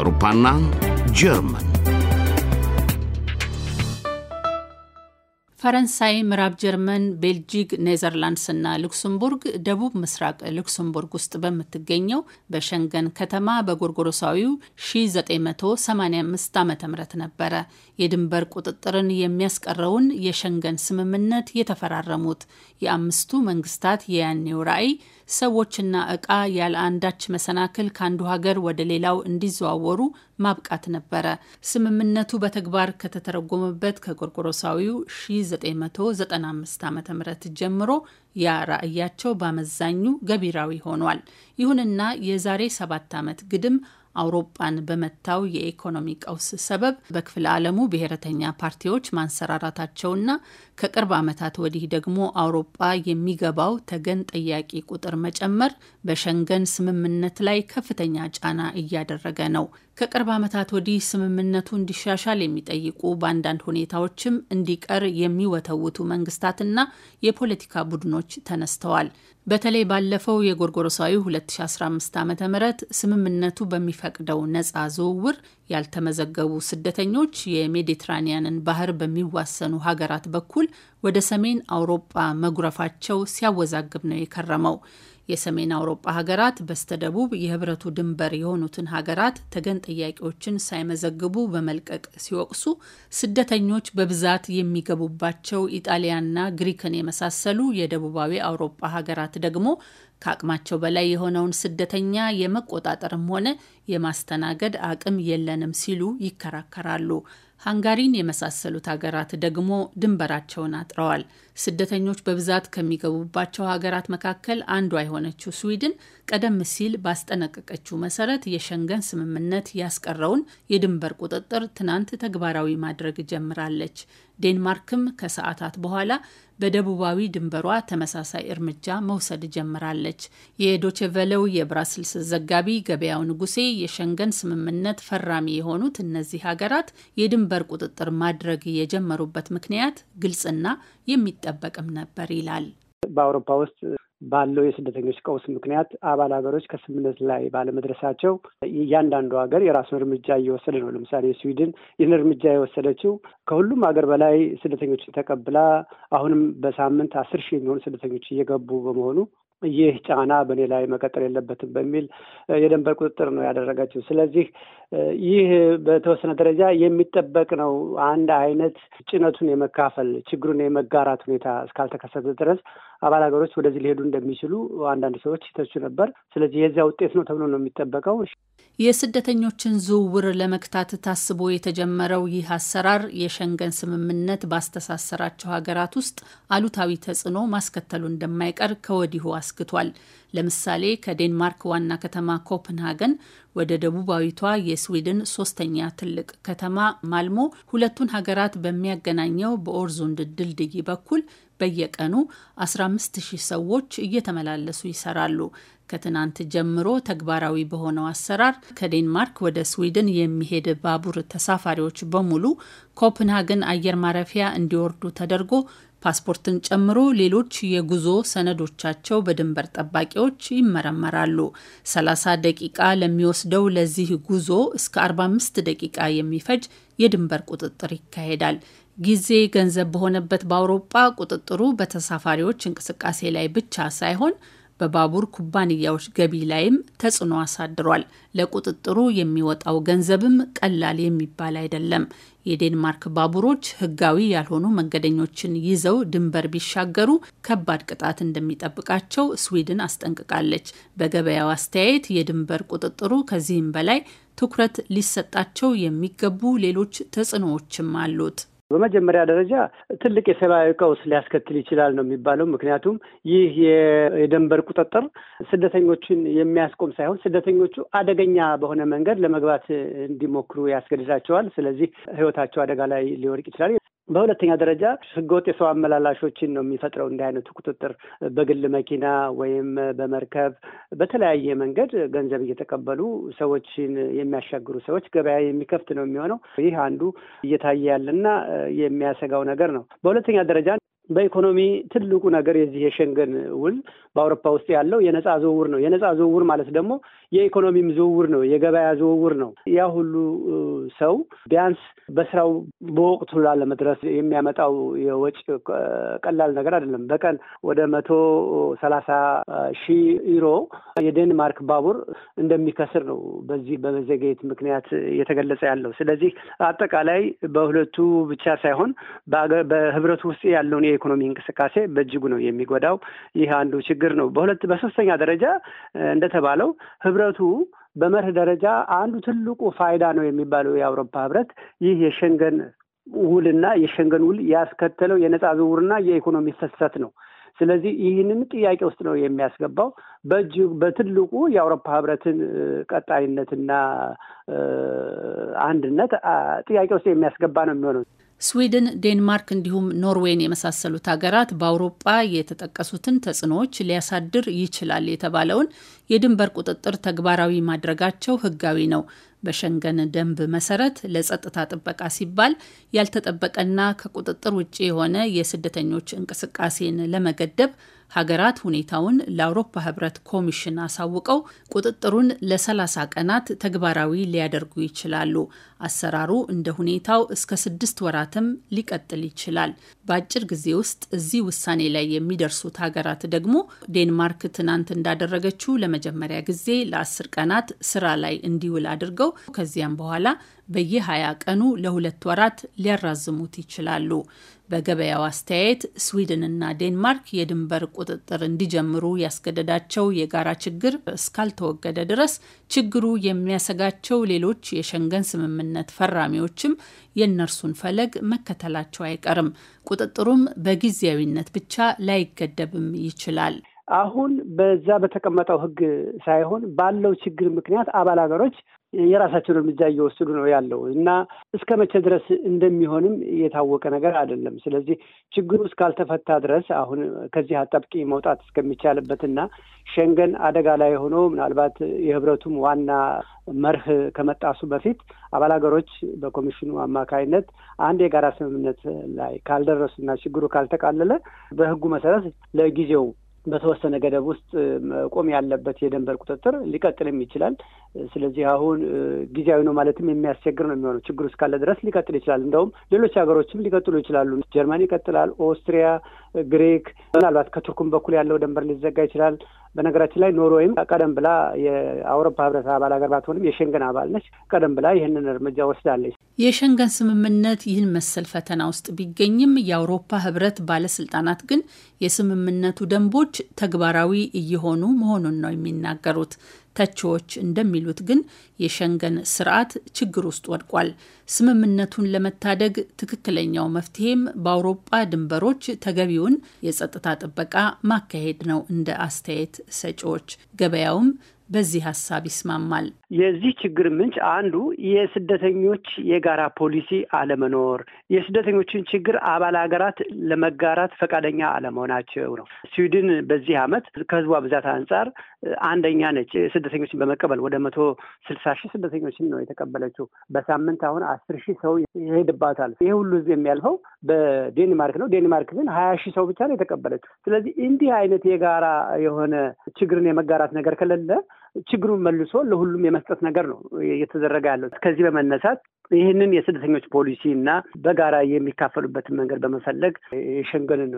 አውሮፓና ጀርመን ፈረንሳይ፣ ምዕራብ ጀርመን፣ ቤልጂክ፣ እና ሉክሰምቡርግ ደቡብ ምስራቅ ሉክሰምቡርግ ውስጥ በምትገኘው በሸንገን ከተማ በጎርጎሮሳዊው 1985 ዓ ም ነበረ የድንበር ቁጥጥርን የሚያስቀረውን የሸንገን ስምምነት የተፈራረሙት የአምስቱ መንግስታት የያኔው ራዕይ ሰዎችና እቃ ያለ አንዳች መሰናክል ከአንዱ ሀገር ወደ ሌላው እንዲዘዋወሩ ማብቃት ነበረ። ስምምነቱ በተግባር ከተተረጎመበት ከጎርጎሮሳዊው 1995 ዓ ም ጀምሮ ያ ራዕያቸው በአመዛኙ ገቢራዊ ሆኗል። ይሁንና የዛሬ ሰባት ዓመት ግድም አውሮፓን በመታው የኢኮኖሚ ቀውስ ሰበብ በክፍለ ዓለሙ ብሔረተኛ ፓርቲዎች ማንሰራራታቸውና ከቅርብ ዓመታት ወዲህ ደግሞ አውሮፓ የሚገባው ተገን ጠያቂ ቁጥር መጨመር በሸንገን ስምምነት ላይ ከፍተኛ ጫና እያደረገ ነው። ከቅርብ ዓመታት ወዲህ ስምምነቱ እንዲሻሻል የሚጠይቁ በአንዳንድ ሁኔታዎችም እንዲቀር የሚወተውቱ መንግስታትና የፖለቲካ ቡድኖች ተነስተዋል። በተለይ ባለፈው የጎርጎሮሳዊ 2015 ዓ ም ስምምነቱ በሚፈቅደው ነጻ ዝውውር ያልተመዘገቡ ስደተኞች የሜዲትራኒያንን ባህር በሚዋሰኑ ሀገራት በኩል ወደ ሰሜን አውሮፓ መጉረፋቸው ሲያወዛግብ ነው የከረመው። የሰሜን አውሮፓ ሀገራት በስተደቡብ የህብረቱ ድንበር የሆኑትን ሀገራት ተገን ጥያቄዎችን ሳይመዘግቡ በመልቀቅ ሲወቅሱ ስደተኞች በብዛት የሚገቡባቸው ኢጣሊያና ግሪክን የመሳሰሉ የደቡባዊ አውሮፓ ሀገራት ደግሞ ከአቅማቸው በላይ የሆነውን ስደተኛ የመቆጣጠርም ሆነ የማስተናገድ አቅም የለንም ሲሉ ይከራከራሉ። ሃንጋሪን የመሳሰሉት ሀገራት ደግሞ ድንበራቸውን አጥረዋል። ስደተኞች በብዛት ከሚገቡባቸው ሀገራት መካከል አንዷ የሆነችው ስዊድን ቀደም ሲል ባስጠነቀቀችው መሰረት የሸንገን ስምምነት ያስቀረውን የድንበር ቁጥጥር ትናንት ተግባራዊ ማድረግ ጀምራለች። ዴንማርክም ከሰዓታት በኋላ በደቡባዊ ድንበሯ ተመሳሳይ እርምጃ መውሰድ ጀምራለች። የዶቼቨለው የብራስልስ ዘጋቢ ገበያው ንጉሴ የሸንገን ስምምነት ፈራሚ የሆኑት እነዚህ ሀገራት የድንበር ቁጥጥር ማድረግ የጀመሩበት ምክንያት ግልጽና የሚጠበቅም ነበር ይላል። በአውሮፓ ውስጥ ባለው የስደተኞች ቀውስ ምክንያት አባል ሀገሮች ከስምምነት ላይ ባለመድረሳቸው እያንዳንዱ ሀገር የራሱን እርምጃ እየወሰደ ነው። ለምሳሌ ስዊድን ይህን እርምጃ የወሰደችው ከሁሉም ሀገር በላይ ስደተኞችን ተቀብላ አሁንም በሳምንት አስር ሺህ የሚሆኑ ስደተኞች እየገቡ በመሆኑ ይህ ጫና በእኔ ላይ መቀጠል የለበትም በሚል የደንበር ቁጥጥር ነው ያደረገችው። ስለዚህ ይህ በተወሰነ ደረጃ የሚጠበቅ ነው። አንድ አይነት ጭነቱን የመካፈል ችግሩን የመጋራት ሁኔታ እስካልተከሰተ ድረስ አባል ሀገሮች ወደዚህ ሊሄዱ እንደሚችሉ አንዳንድ ሰዎች ይተቹ ነበር። ስለዚህ የዚያ ውጤት ነው ተብሎ ነው የሚጠበቀው። የስደተኞችን ዝውውር ለመግታት ታስቦ የተጀመረው ይህ አሰራር የሸንገን ስምምነት ባስተሳሰራቸው ሀገራት ውስጥ አሉታዊ ተጽዕኖ ማስከተሉ እንደማይቀር ከወዲሁ አስክቷል። ለምሳሌ ከዴንማርክ ዋና ከተማ ኮፕንሃገን ወደ ደቡባዊቷ የስዊድን ሶስተኛ ትልቅ ከተማ ማልሞ ሁለቱን ሀገራት በሚያገናኘው በኦርዙንድ ድልድይ በኩል በየቀኑ 15000 ሰዎች እየተመላለሱ ይሰራሉ። ከትናንት ጀምሮ ተግባራዊ በሆነው አሰራር ከዴንማርክ ወደ ስዊድን የሚሄድ ባቡር ተሳፋሪዎች በሙሉ ኮፕንሃግን አየር ማረፊያ እንዲወርዱ ተደርጎ ፓስፖርትን ጨምሮ ሌሎች የጉዞ ሰነዶቻቸው በድንበር ጠባቂዎች ይመረመራሉ። 30 ደቂቃ ለሚወስደው ለዚህ ጉዞ እስከ 45 ደቂቃ የሚፈጅ የድንበር ቁጥጥር ይካሄዳል። ጊዜ ገንዘብ በሆነበት በአውሮፓ ቁጥጥሩ በተሳፋሪዎች እንቅስቃሴ ላይ ብቻ ሳይሆን በባቡር ኩባንያዎች ገቢ ላይም ተጽዕኖ አሳድሯል። ለቁጥጥሩ የሚወጣው ገንዘብም ቀላል የሚባል አይደለም። የዴንማርክ ባቡሮች ሕጋዊ ያልሆኑ መንገደኞችን ይዘው ድንበር ቢሻገሩ ከባድ ቅጣት እንደሚጠብቃቸው ስዊድን አስጠንቅቃለች። በገበያው አስተያየት የድንበር ቁጥጥሩ ከዚህም በላይ ትኩረት ሊሰጣቸው የሚገቡ ሌሎች ተጽዕኖዎችም አሉት። በመጀመሪያ ደረጃ ትልቅ የሰብአዊ ቀውስ ሊያስከትል ይችላል ነው የሚባለው። ምክንያቱም ይህ የደንበር ቁጥጥር ስደተኞችን የሚያስቆም ሳይሆን ስደተኞቹ አደገኛ በሆነ መንገድ ለመግባት እንዲሞክሩ ያስገድዳቸዋል። ስለዚህ ሕይወታቸው አደጋ ላይ ሊወድቅ ይችላል። በሁለተኛ ደረጃ ህገወጥ የሰው አመላላሾችን ነው የሚፈጥረው። እንዲህ አይነቱ ቁጥጥር በግል መኪና ወይም በመርከብ በተለያየ መንገድ ገንዘብ እየተቀበሉ ሰዎችን የሚያሻግሩ ሰዎች ገበያ የሚከፍት ነው የሚሆነው። ይህ አንዱ እየታየ ያለና የሚያሰጋው ነገር ነው። በሁለተኛ ደረጃ በኢኮኖሚ ትልቁ ነገር የዚህ የሸንገን ውል በአውሮፓ ውስጥ ያለው የነፃ ዝውውር ነው። የነፃ ዝውውር ማለት ደግሞ የኢኮኖሚም ዝውውር ነው፣ የገበያ ዝውውር ነው። ያ ሁሉ ሰው ቢያንስ በስራው በወቅቱ ላለመድረስ የሚያመጣው የወጪ ቀላል ነገር አይደለም። በቀን ወደ መቶ ሰላሳ ሺህ ዩሮ የዴንማርክ ባቡር እንደሚከስር ነው በዚህ በመዘግየት ምክንያት የተገለጸ ያለው። ስለዚህ አጠቃላይ በሁለቱ ብቻ ሳይሆን በህብረቱ ውስጥ ያለውን የኢኮኖሚ እንቅስቃሴ በእጅጉ ነው የሚጎዳው። ይህ አንዱ ችግር ነው። በሁለት በሶስተኛ ደረጃ እንደተባለው ህብ ህብረቱ በመርህ ደረጃ አንዱ ትልቁ ፋይዳ ነው የሚባለው የአውሮፓ ህብረት ይህ የሸንገን ውልና የሸንገን ውል ያስከተለው የነፃ ዝውውርና የኢኮኖሚ ፍሰት ነው። ስለዚህ ይህንን ጥያቄ ውስጥ ነው የሚያስገባው። በእጅ በትልቁ የአውሮፓ ህብረትን ቀጣይነትና አንድነት ጥያቄ ውስጥ የሚያስገባ ነው የሚሆነው። ስዊድን፣ ዴንማርክ እንዲሁም ኖርዌይን የመሳሰሉት ሀገራት በአውሮጳ የተጠቀሱትን ተጽዕኖዎች ሊያሳድር ይችላል የተባለውን የድንበር ቁጥጥር ተግባራዊ ማድረጋቸው ህጋዊ ነው። በሸንገን ደንብ መሰረት ለጸጥታ ጥበቃ ሲባል ያልተጠበቀና ከቁጥጥር ውጭ የሆነ የስደተኞች እንቅስቃሴን ለመገደብ ሀገራት ሁኔታውን ለአውሮፓ ህብረት ኮሚሽን አሳውቀው ቁጥጥሩን ለ30 ቀናት ተግባራዊ ሊያደርጉ ይችላሉ። አሰራሩ እንደ ሁኔታው እስከ ስድስት ወራትም ሊቀጥል ይችላል። በአጭር ጊዜ ውስጥ እዚህ ውሳኔ ላይ የሚደርሱት ሀገራት ደግሞ ዴንማርክ ትናንት እንዳደረገችው ለመጀመሪያ ጊዜ ለአስር ቀናት ስራ ላይ እንዲውል አድርገው ከዚያም በኋላ በየ20 ቀኑ ለሁለት ወራት ሊያራዝሙት ይችላሉ። በገበያው አስተያየት ስዊድንና ዴንማርክ የድንበር ቁጥጥር እንዲጀምሩ ያስገደዳቸው የጋራ ችግር እስካልተወገደ ድረስ ችግሩ የሚያሰጋቸው ሌሎች የሸንገን ስምምነት ፈራሚዎችም የእነርሱን ፈለግ መከተላቸው አይቀርም። ቁጥጥሩም በጊዜያዊነት ብቻ ላይገደብም ይችላል። አሁን በዛ በተቀመጠው ህግ ሳይሆን ባለው ችግር ምክንያት አባል ሀገሮች የራሳቸውን እርምጃ እየወሰዱ ነው ያለው እና እስከ መቼ ድረስ እንደሚሆንም የታወቀ ነገር አይደለም። ስለዚህ ችግሩ እስካልተፈታ ድረስ አሁን ከዚህ አጣብቂኝ መውጣት እስከሚቻልበትና ሸንገን አደጋ ላይ ሆኖ ምናልባት የህብረቱም ዋና መርህ ከመጣሱ በፊት አባል ሀገሮች በኮሚሽኑ አማካይነት አንድ የጋራ ስምምነት ላይ ካልደረሱና ችግሩ ካልተቃለለ በህጉ መሰረት ለጊዜው በተወሰነ ገደብ ውስጥ መቆም ያለበት የድንበር ቁጥጥር ሊቀጥልም ይችላል። ስለዚህ አሁን ጊዜያዊ ነው ማለትም የሚያስቸግር ነው የሚሆነው። ችግሩ እስካለ ድረስ ሊቀጥል ይችላል። እንደውም ሌሎች ሀገሮችም ሊቀጥሉ ይችላሉ። ጀርመን ይቀጥላል፣ ኦስትሪያ፣ ግሪክ፣ ምናልባት ከቱርኩም በኩል ያለው ድንበር ሊዘጋ ይችላል። በነገራችን ላይ ኖርዌይም ቀደም ብላ የአውሮፓ ህብረት አባል ሀገር ባትሆንም የሸንገን አባል ነች። ቀደም ብላ ይህንን እርምጃ ወስዳለች። የሸንገን ስምምነት ይህን መሰል ፈተና ውስጥ ቢገኝም የአውሮፓ ህብረት ባለስልጣናት ግን የስምምነቱ ደንቦች ተግባራዊ እየሆኑ መሆኑን ነው የሚናገሩት። ተቺዎች እንደሚሉት ግን የሸንገን ስርዓት ችግር ውስጥ ወድቋል። ስምምነቱን ለመታደግ ትክክለኛው መፍትሄም በአውሮፓ ድንበሮች ተገቢውን የጸጥታ ጥበቃ ማካሄድ ነው እንደ አስተያየት ሰጪዎች። ገበያውም በዚህ ሀሳብ ይስማማል። የዚህ ችግር ምንጭ አንዱ የስደተኞች የጋራ ፖሊሲ አለመኖር፣ የስደተኞችን ችግር አባል ሀገራት ለመጋራት ፈቃደኛ አለመሆናቸው ነው። ስዊድን በዚህ ዓመት ከህዝቧ ብዛት አንጻር አንደኛ ነች። ስደተኞችን በመቀበል ወደ መቶ ስልሳ ሺህ ስደተኞችን ነው የተቀበለችው። በሳምንት አሁን አስር ሺህ ሰው ይሄድባታል። ይህ ሁሉ ህዝብ የሚያልፈው በዴንማርክ ነው። ዴንማርክ ግን ሀያ ሺህ ሰው ብቻ ነው የተቀበለችው። ስለዚህ እንዲህ አይነት የጋራ የሆነ ችግርን የመጋራት ነገር ከሌለ ችግሩን መልሶ ለሁሉም የመስጠት ነገር ነው እየተዘረገ ያለው። ከዚህ በመነሳት ይህንን የስደተኞች ፖሊሲ እና በጋራ የሚካፈሉበትን መንገድ በመፈለግ የሸንገንን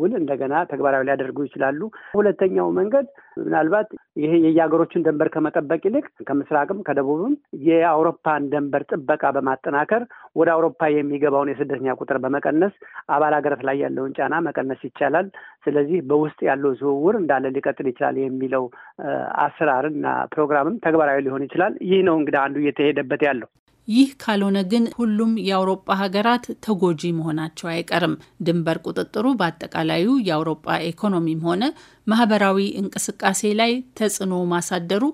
ውል እንደገና ተግባራዊ ሊያደርጉ ይችላሉ። ሁለተኛው መንገድ ምናልባት ይሄ የየሀገሮችን ደንበር ከመጠበቅ ይልቅ ከምስራቅም ከደቡብም የአውሮፓን ደንበር ጥበቃ በማጠናከር ወደ አውሮፓ የሚገባውን የስደተኛ ቁጥር በመቀነስ አባል ሀገራት ላይ ያለውን ጫና መቀነስ ይቻላል። ስለዚህ በውስጥ ያለው ዝውውር እንዳለ ሊቀጥል ይችላል የሚለው አሰራርና ፕሮግራምም ተግባራዊ ሊሆን ይችላል። ይህ ነው እንግዲህ አንዱ እየተሄደበት ያለው። ይህ ካልሆነ ግን ሁሉም የአውሮጳ ሀገራት ተጎጂ መሆናቸው አይቀርም። ድንበር ቁጥጥሩ በአጠቃላዩ የአውሮጳ ኢኮኖሚም ሆነ ማህበራዊ እንቅስቃሴ ላይ ተጽዕኖ ማሳደሩ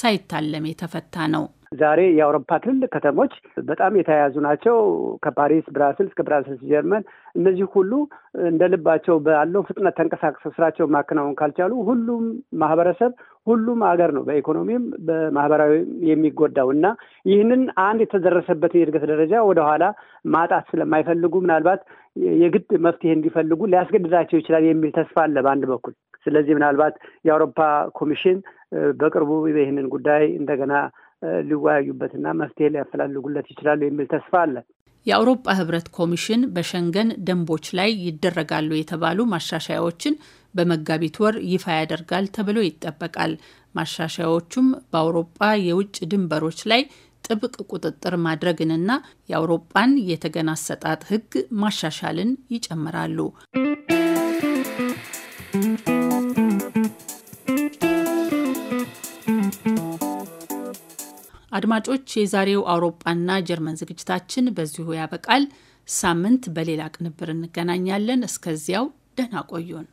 ሳይታለም የተፈታ ነው። ዛሬ የአውሮፓ ትልልቅ ከተሞች በጣም የተያያዙ ናቸው። ከፓሪስ ብራስልስ፣ ከብራስልስ ጀርመን፣ እነዚህ ሁሉ እንደ ልባቸው ባለው ፍጥነት ተንቀሳቅሰው ስራቸው ማከናወን ካልቻሉ ሁሉም ማህበረሰብ ሁሉም ሀገር ነው በኢኮኖሚም በማህበራዊ የሚጎዳው እና ይህንን አንድ የተደረሰበትን የእድገት ደረጃ ወደኋላ ማጣት ስለማይፈልጉ ምናልባት የግድ መፍትሄ እንዲፈልጉ ሊያስገድዳቸው ይችላል የሚል ተስፋ አለ በአንድ በኩል። ስለዚህ ምናልባት የአውሮፓ ኮሚሽን በቅርቡ ይህንን ጉዳይ እንደገና ሊወያዩበትና መፍትሄ ሊያፈላልጉለት ይችላሉ የሚል ተስፋ አለ። የአውሮፓ ህብረት ኮሚሽን በሸንገን ደንቦች ላይ ይደረጋሉ የተባሉ ማሻሻያዎችን በመጋቢት ወር ይፋ ያደርጋል ተብሎ ይጠበቃል። ማሻሻያዎቹም በአውሮፓ የውጭ ድንበሮች ላይ ጥብቅ ቁጥጥር ማድረግንና የአውሮፓን የተገና አሰጣጥ ህግ ማሻሻልን ይጨምራሉ። አድማጮች፣ የዛሬው አውሮፓና ጀርመን ዝግጅታችን በዚሁ ያበቃል። ሳምንት በሌላ ቅንብር እንገናኛለን። እስከዚያው ደህና ቆዩን።